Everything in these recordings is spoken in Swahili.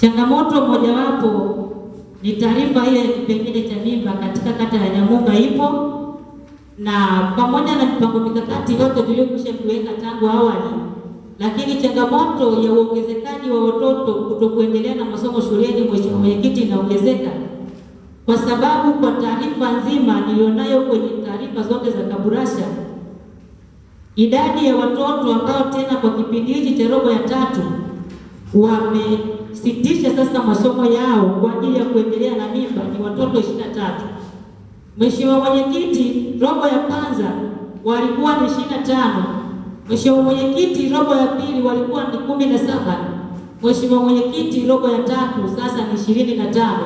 Changamoto mojawapo ni taarifa hiyo ya kipengele cha mimba katika kata ya Nyamunga ipo na pamoja na mipango mikakati yote tuliyokwisha kuweka tangu awali, lakini changamoto ya uongezekaji wa watoto kutokuendelea na masomo shuleni, Mheshimiwa Mwenyekiti, inaongezeka kwa sababu kwa taarifa nzima nilionayo kwenye taarifa zote za Kaburasha, idadi ya watoto ambao tena kwa kipindi hichi cha robo ya tatu wamesitisha sasa masomo yao kwa ajili ya kuendelea na mimba ni watoto ishirini na tatu. Mheshimiwa Mwenyekiti, robo ya kwanza walikuwa ni ishirini na tano. Mheshimiwa Mwenyekiti, robo ya pili walikuwa ni kumi na saba. Mheshimiwa Mwenyekiti, robo ya tatu sasa ni ishirini na tano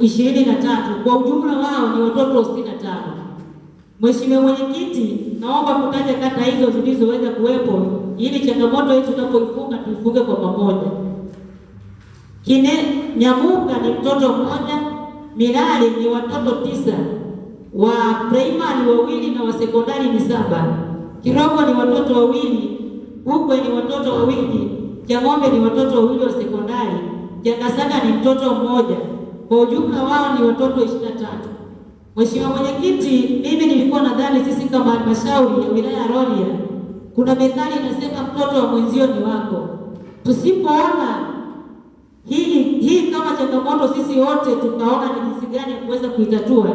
ishirini na tatu. Kwa ujumla wao ni watoto sitini na tano. Mheshimiwa Mwenyekiti, naomba kutaja kata hizo zilizoweza kuwepo ili changamoto hizi tunapoifunga tuifunge kwa pamoja. Kine Nyamuka ni mtoto mmoja, Milali ni watoto tisa, wa primary wawili na wa sekondari ni saba, Kirogo ni watoto wawili, Ukwe ni watoto wawili, Chang'ombe ni watoto wawili wa sekondari, Jakasaka ni mtoto mmoja. Kwa ujumla wao ni watoto ishirini na tatu. Mheshimiwa Mwenyekiti, mimi nilikuwa nadhani sisi kama halmashauri ya wilaya ya Rorya kuna methali inasema mtoto wa mwenzio ni wako. Tusipoona hii hii kama changamoto sisi wote tukaona ni jinsi gani kuweza kuitatua,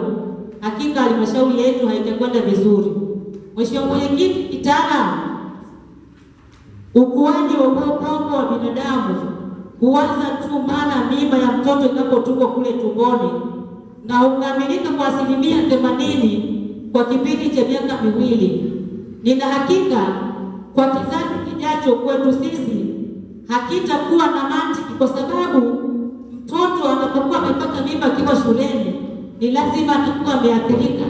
hakika halmashauri yetu haitakwenda vizuri. Mheshimiwa Mwenyekiti, kitala ukuaji wa ubongo wa binadamu huanza tu mara mimba ya mtoto inapotungwa kule tumboni na ukamilika kwa asilimia themanini kwa kipindi cha miaka miwili. Nina hakika kwa kizazi kijacho kwetu sisi hakitakuwa na mantiki, kwa sababu mtoto anapokuwa amepata mimba akiwa shuleni ni lazima atakuwa ameathirika,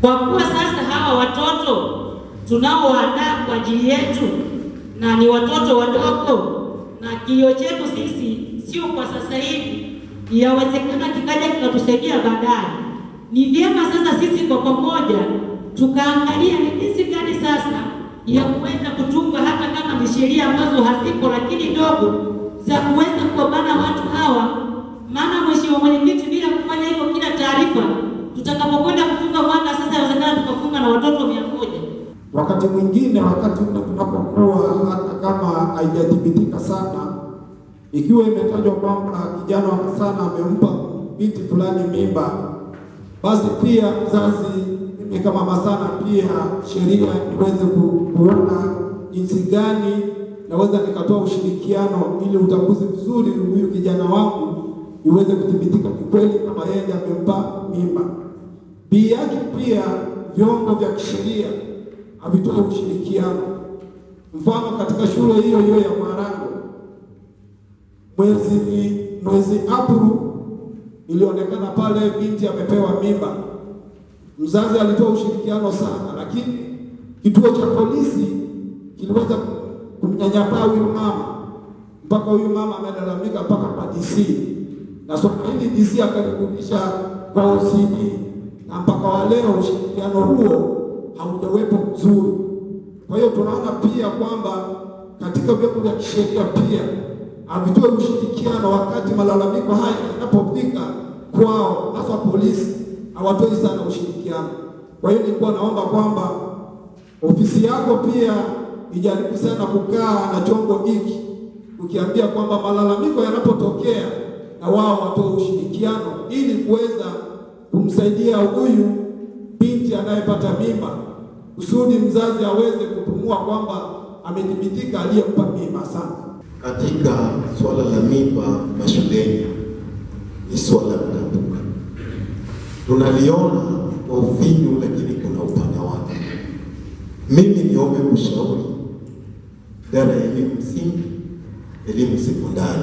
kwa kuwa sasa hawa watoto tunaoandaa kwa ajili yetu na ni watoto wadogo, na kilio chetu sisi sio kwa sasa hivi, yawezekana kikaja kinatusaidia baadaye. Ni vyema sasa sisi kwa pamoja tukaangalia ni jinsi gani sasa ya kuweza kutunga hata kama ni sheria ambazo haziko lakini ndogo za kuweza kuwabana watu hawa. Maana mheshimiwa mwenyekiti, bila kufanya hivyo, kila taarifa tutakapokwenda kufunga mwaka sasa, inawezekana tukafunga na watoto mia moja. Wakati mwingine, wakati tunapokuwa hata kama haijathibitika sana, ikiwa imetajwa kwamba kijana wa sana amempa binti fulani mimba, basi pia mzazi Nika mama sana pia sheria iweze kuona jinsi gani naweza nikatoa ushirikiano ili utambuzi mzuri huyu kijana wangu iweze kuthibitika kikweli kama yeye amempa mimba. Pia pia vyombo vya kisheria havitoe ushirikiano. Mfano, katika shule hiyo hiyo ya Marango, mwezi mwezi Aprili ilionekana pale binti amepewa mimba Mzazi alitoa ushirikiano sana, lakini kituo cha polisi kiliweza kumnyanyapaa huyu mama mpaka huyu mama amelalamika mpaka kwa DC, na swala hili DC akarudisha kwa OCD, na mpaka wa leo ushirikiano huo haujawepo mzuri. Kwa hiyo tunaona pia kwamba katika vyombo vya kisheria pia havitoe ushirikiano wakati malalamiko haya yanapofika kwao, hasa polisi hawatoi sana ushirikiano kutumika. Kwa hiyo nilikuwa naomba kwamba ofisi yako pia ijaribu sana kukaa na chombo hiki, ukiambia kwamba malalamiko yanapotokea na wao watoe ushirikiano ili kuweza kumsaidia huyu binti anayepata mimba kusudi mzazi aweze kupumua kwamba amethibitika aliyempa mimba. Sana katika swala la mimba mashuleni ni swala mtambuka, tunaliona kwa uvinyu, lakini kuna upana wake. Mimi niombe mshauri idara ya elimu msingi, elimu sekondari,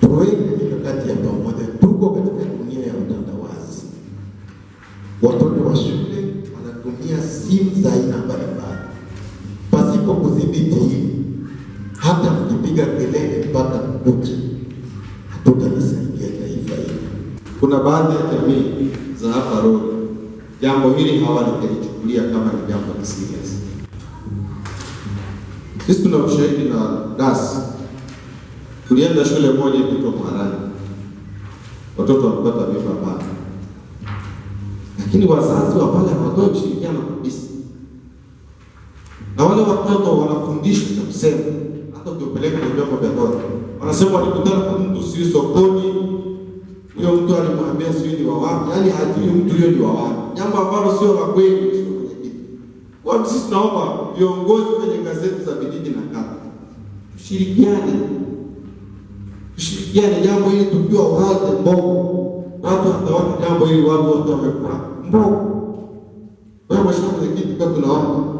tuweke mikakati ya pamoja. Tuko katika dunia ya utandawazi, watoto wa shule wanatumia simu za aina mbalimbali pasipo kudhibiti hili. Hata mkipiga kelele mpaka kukucha, hatutalisaidia taifa hili. Kuna baadhi ya jamii za hapa roho. jambo hili hawalichukulia kama ni jambo la serious. Sisi tuna ushahidi na DAS, tulienda shule moja ipitwa Mwarani, watoto walipata mimba baba, lakini wazazi wa pale hawatoi kushirikiana kabisa, na wale watoto wanafundishwa kusema, hata ukiopeleka na vyombo vya dola wanasema walikutana kwa mtu sio sokoni huyo mtu alimwambia sijui ni wa wapi, yaani hajui mtu huyo ni wa wapi, jambo ambalo sio la kweli. Kwa sisi tunaomba viongozi kwenye gazeti za vijiji na kata tushirikiane, tushirikiane jambo hili tukiwa wote Mbogo, watu wataona jambo hili, watu wote wamekula Mbogo. Wewe mheshimiwa mwenyekiti, kwa tunaomba,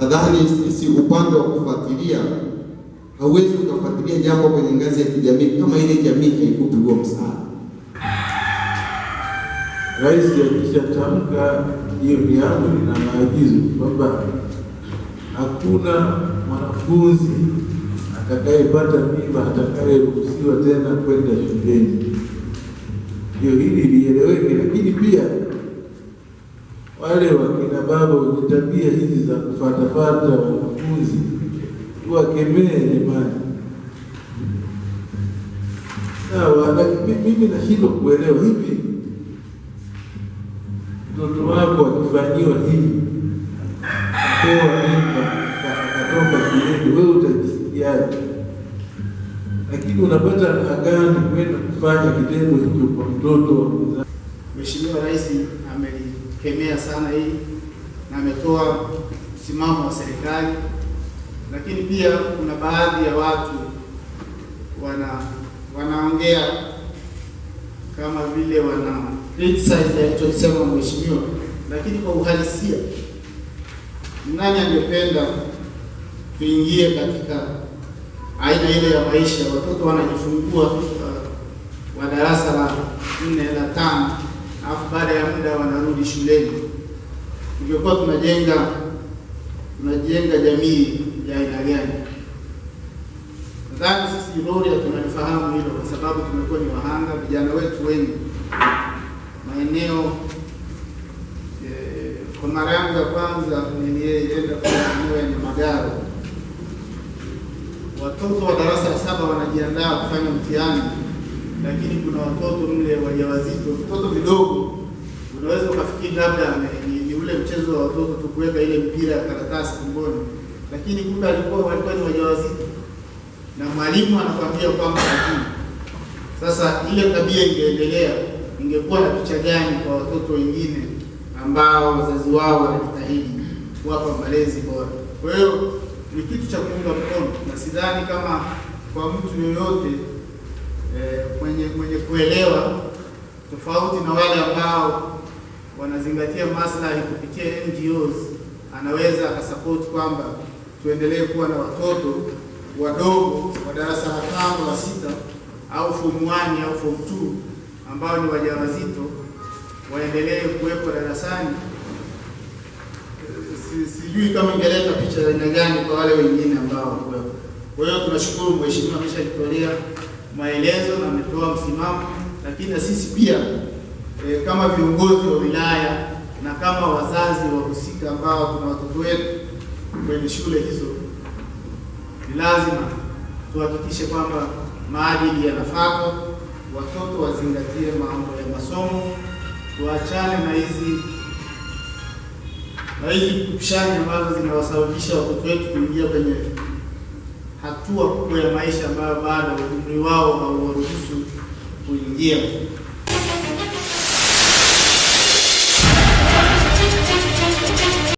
nadhani sisi upande wa kufuatilia Hauwezi ukafuatilia jambo kwenye ngazi ya kijamii kama ile jamii haikupi huo msaada. Rais tamka hiyo ni amri na maagizo kwamba hakuna mwanafunzi atakayepata mimba atakayeruhusiwa tena kwenda shuleni. Ndio hili lieleweke, lakini pia wale wakina baba wenye tabia hizi za kufatafata wanafunzi wakemee nyumbani. Sawa, ah, lakini mimi nashindwa kuelewa hivi, mtoto wako akifanyiwa hivi pewa mimba akatoka kiengo, wewe utajisikiaje? Lakini unapata angani kwenda kufanya kitendo hicho kwa mtoto. Mheshimiwa Rais amelikemea sana hii na ametoa msimamo wa serikali lakini pia kuna baadhi ya watu wana wanaongea kama vile wana criticize alichosema mheshimiwa, lakini kwa uhalisia, nani angependa tuingie katika aina ile ya maisha? Watoto wanajifungua uh, wa darasa la nne la tano, alafu baada ya muda wanarudi shuleni. Tulivyokuwa tunajenga tunajenga jamii ya aina gani? Nadhani sisi Iloria tunalifahamu hilo, kwa sababu tumekuwa ni wahanga, vijana wetu wengi maeneo eh, kwa mara yangu ya kwanza nilienda kwa ya Nyamagaro, watoto wa darasa la saba wanajiandaa kufanya mtihani, lakini kuna watoto mle wajawazito, vitoto vidogo unaweza ukafikiri labda ni ule mchezo wa watoto tukuweka ile mpira ya karatasi tumboni lakini kumbe alikuwa walikuwa ni wajawazito na mwalimu anakwambia kwamba lakini sasa ile tabia ingeendelea, ingekuwa na picha gani kwa watoto wengine ambao wazazi wao wanajitahidi kuwapa malezi bora? Kwa hiyo ni kitu cha kuunga mkono, na sidhani kama kwa mtu yoyote eh, mwenye mwenye kuelewa tofauti na wale ambao wanazingatia maslahi kupitia NGOs anaweza akasapoti kwamba tuendelee kuwa na watoto wadogo wa darasa la tano la sita au form 1 au form 2 ambao ni wajawazito waendelee kuwepo darasani. Sijui kama ingeleta picha za aina gani kwa wale wengine ambao wakuwepo. Kwa hiyo tunashukuru mheshimiwa ameshajitolea maelezo na ametoa msimamo, lakini na sisi pia e, kama viongozi wa wilaya na kama wazazi wahusika ambao kuna watoto wetu kwenye shule hizo, ni lazima tuhakikishe kwamba maadili yanafaa, watoto wazingatie mambo ya masomo, tuachane na hizi na hizi kupishani ambazo zinawasababisha watoto wetu kuingia kwenye hatua kubwa ya maisha ambayo bado umri wao hauwaruhusu kuingia.